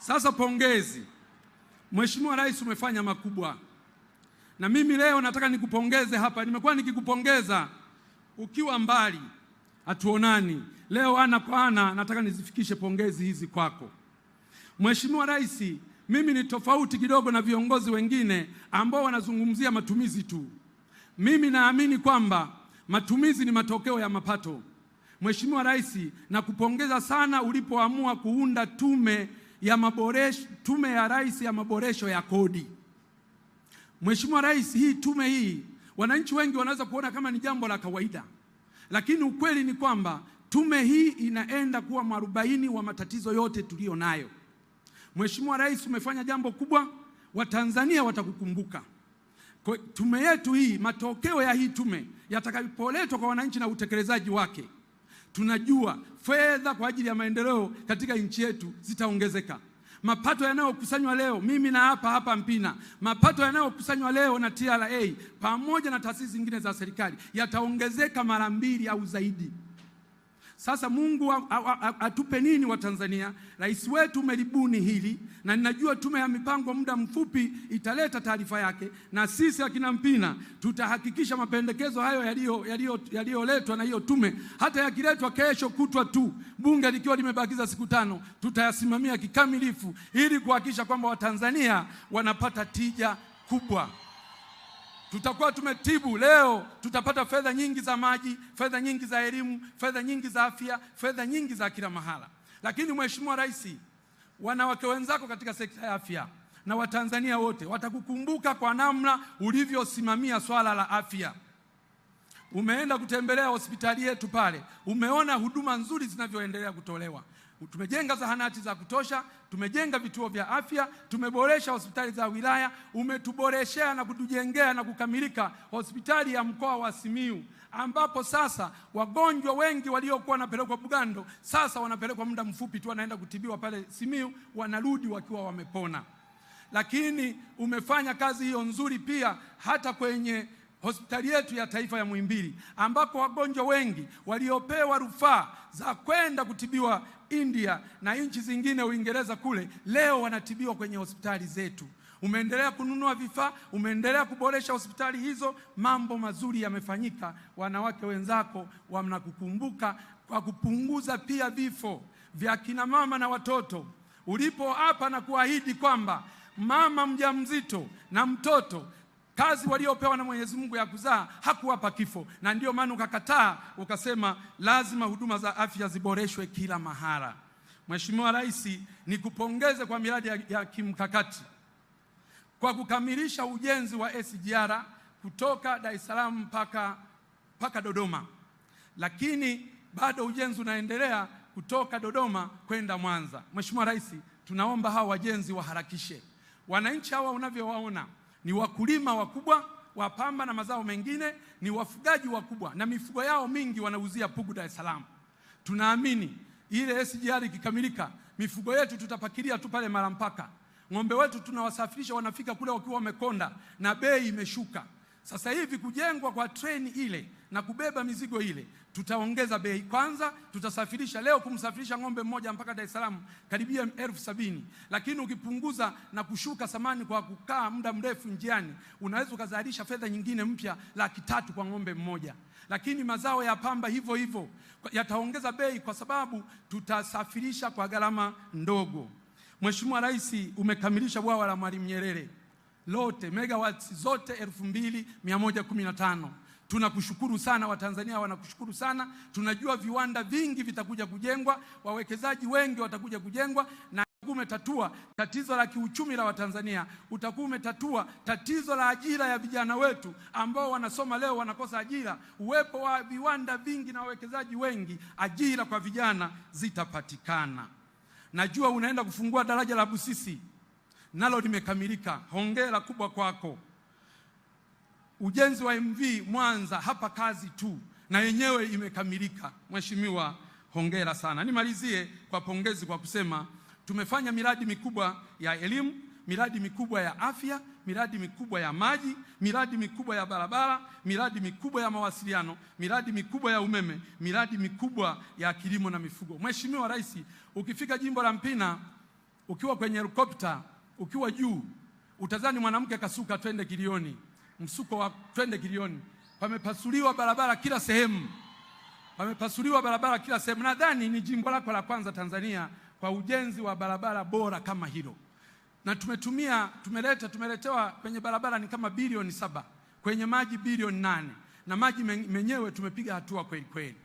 Sasa pongezi, Mheshimiwa Rais, umefanya makubwa, na mimi leo nataka nikupongeze hapa. Nimekuwa nikikupongeza ukiwa mbali, hatuonani, leo ana kwa ana nataka nizifikishe pongezi hizi kwako. Mheshimiwa Rais, mimi ni tofauti kidogo na viongozi wengine ambao wanazungumzia matumizi tu. Mimi naamini kwamba matumizi ni matokeo ya mapato. Mheshimiwa Rais, nakupongeza sana ulipoamua kuunda tume ya maboresho, tume ya rais ya maboresho ya kodi. Mheshimiwa Rais, hii tume hii wananchi wengi wanaweza kuona kama ni jambo la kawaida, lakini ukweli ni kwamba tume hii inaenda kuwa mwarobaini wa matatizo yote tuliyo nayo. Mheshimiwa Rais, umefanya jambo kubwa, Watanzania watakukumbuka. Tume yetu hii, matokeo ya hii tume yatakapoletwa kwa wananchi na utekelezaji wake tunajua fedha kwa ajili ya maendeleo katika nchi yetu zitaongezeka. Mapato yanayokusanywa leo, mimi na hapa hapa Mpina, mapato yanayokusanywa leo na TRA pamoja na taasisi zingine za serikali yataongezeka mara mbili au zaidi. Sasa Mungu atupe nini wa tanzania Rais wetu umelibuni hili, na ninajua tume ya mipango muda mfupi italeta taarifa yake, na sisi akina Mpina tutahakikisha mapendekezo hayo yaliyoletwa na hiyo tume, hata yakiletwa kesho kutwa tu, bunge likiwa limebakiza siku tano, tutayasimamia kikamilifu ili kuhakikisha kwamba Watanzania wanapata tija kubwa tutakuwa tumetibu leo, tutapata fedha nyingi za maji, fedha nyingi za elimu, fedha nyingi za afya, fedha nyingi za kila mahala. Lakini Mheshimiwa Rais, wanawake wenzako katika sekta ya afya na Watanzania wote watakukumbuka kwa namna ulivyosimamia swala la afya. Umeenda kutembelea hospitali yetu pale, umeona huduma nzuri zinavyoendelea kutolewa. Tumejenga zahanati za kutosha, tumejenga vituo vya afya, tumeboresha hospitali za wilaya, umetuboreshea na kutujengea na kukamilika hospitali ya mkoa wa Simiyu, ambapo sasa wagonjwa wengi waliokuwa wanapelekwa Bugando sasa wanapelekwa muda mfupi tu, wanaenda kutibiwa pale Simiyu, wanarudi wakiwa wamepona. Lakini umefanya kazi hiyo nzuri pia hata kwenye hospitali yetu ya taifa ya Muhimbili ambako wagonjwa wengi waliopewa rufaa za kwenda kutibiwa India na nchi zingine, Uingereza kule, leo wanatibiwa kwenye hospitali zetu. Umeendelea kununua vifaa, umeendelea kuboresha hospitali hizo, mambo mazuri yamefanyika. Wanawake wenzako wanakukumbuka kwa kupunguza pia vifo vya kina mama na watoto. Ulipo hapa na kuahidi kwamba mama mjamzito na mtoto kazi waliopewa na Mwenyezi Mungu ya kuzaa hakuwapa kifo, na ndio maana ukakataa ukasema lazima huduma za afya ziboreshwe kila mahara. Mheshimiwa Rais, nikupongeze kwa miradi ya, ya kimkakati kwa kukamilisha ujenzi wa SGR kutoka Dar es Salaam mpaka mpaka Dodoma, lakini bado ujenzi unaendelea kutoka Dodoma kwenda Mwanza. Mheshimiwa Rais, tunaomba hawa wajenzi waharakishe. Wananchi hawa unavyowaona ni wakulima wakubwa wa pamba na mazao mengine, ni wafugaji wakubwa na mifugo yao mingi wanauzia Pugu, Dar es Salaam. Tunaamini ile SGR ikikamilika, mifugo yetu tutapakilia tu pale mpaka ng'ombe wetu tunawasafirisha, wanafika kule wakiwa wamekonda na bei imeshuka. Sasa hivi kujengwa kwa treni ile na kubeba mizigo ile, tutaongeza bei kwanza. Tutasafirisha leo, kumsafirisha ng'ombe mmoja mpaka Dar es Salaam karibia elfu sabini, lakini ukipunguza na kushuka samani kwa kukaa muda mrefu njiani, unaweza ukazalisha fedha nyingine mpya laki tatu kwa ng'ombe mmoja. Lakini mazao ya pamba hivyo hivyo yataongeza bei kwa sababu tutasafirisha kwa gharama ndogo. Mheshimiwa Rais, umekamilisha bwawa la Mwalimu Nyerere lote megawatts zote 2115. Tunakushukuru sana, Watanzania wanakushukuru sana. Tunajua viwanda vingi vitakuja kujengwa, wawekezaji wengi watakuja kujengwa na umetatua tatizo la kiuchumi la Watanzania, utakuwa umetatua tatizo la ajira ya vijana wetu ambao wanasoma leo wanakosa ajira. Uwepo wa viwanda vingi na wawekezaji wengi, ajira kwa vijana zitapatikana. Najua unaenda kufungua daraja la Busisi nalo limekamilika. Hongera kubwa kwako. Ujenzi wa MV Mwanza hapa kazi tu, na yenyewe imekamilika. Mheshimiwa, hongera sana. Nimalizie kwa pongezi kwa kusema tumefanya miradi mikubwa ya elimu, miradi mikubwa ya afya, miradi mikubwa ya maji, miradi mikubwa ya barabara, miradi mikubwa ya mawasiliano, miradi mikubwa ya umeme, miradi mikubwa ya kilimo na mifugo. Mheshimiwa Rais, ukifika jimbo la Mpina ukiwa kwenye helikopta ukiwa juu utazani mwanamke kasuka twende kilioni, msuko wa twende kilioni. Pamepasuliwa barabara kila sehemu, pamepasuliwa barabara kila sehemu. Nadhani ni jimbo lako la kwanza Tanzania kwa ujenzi wa barabara bora kama hilo, na tumetumia tumeleta tumeletewa kwenye barabara ni kama bilioni saba kwenye maji bilioni nane na maji menyewe tumepiga hatua kweli kweli.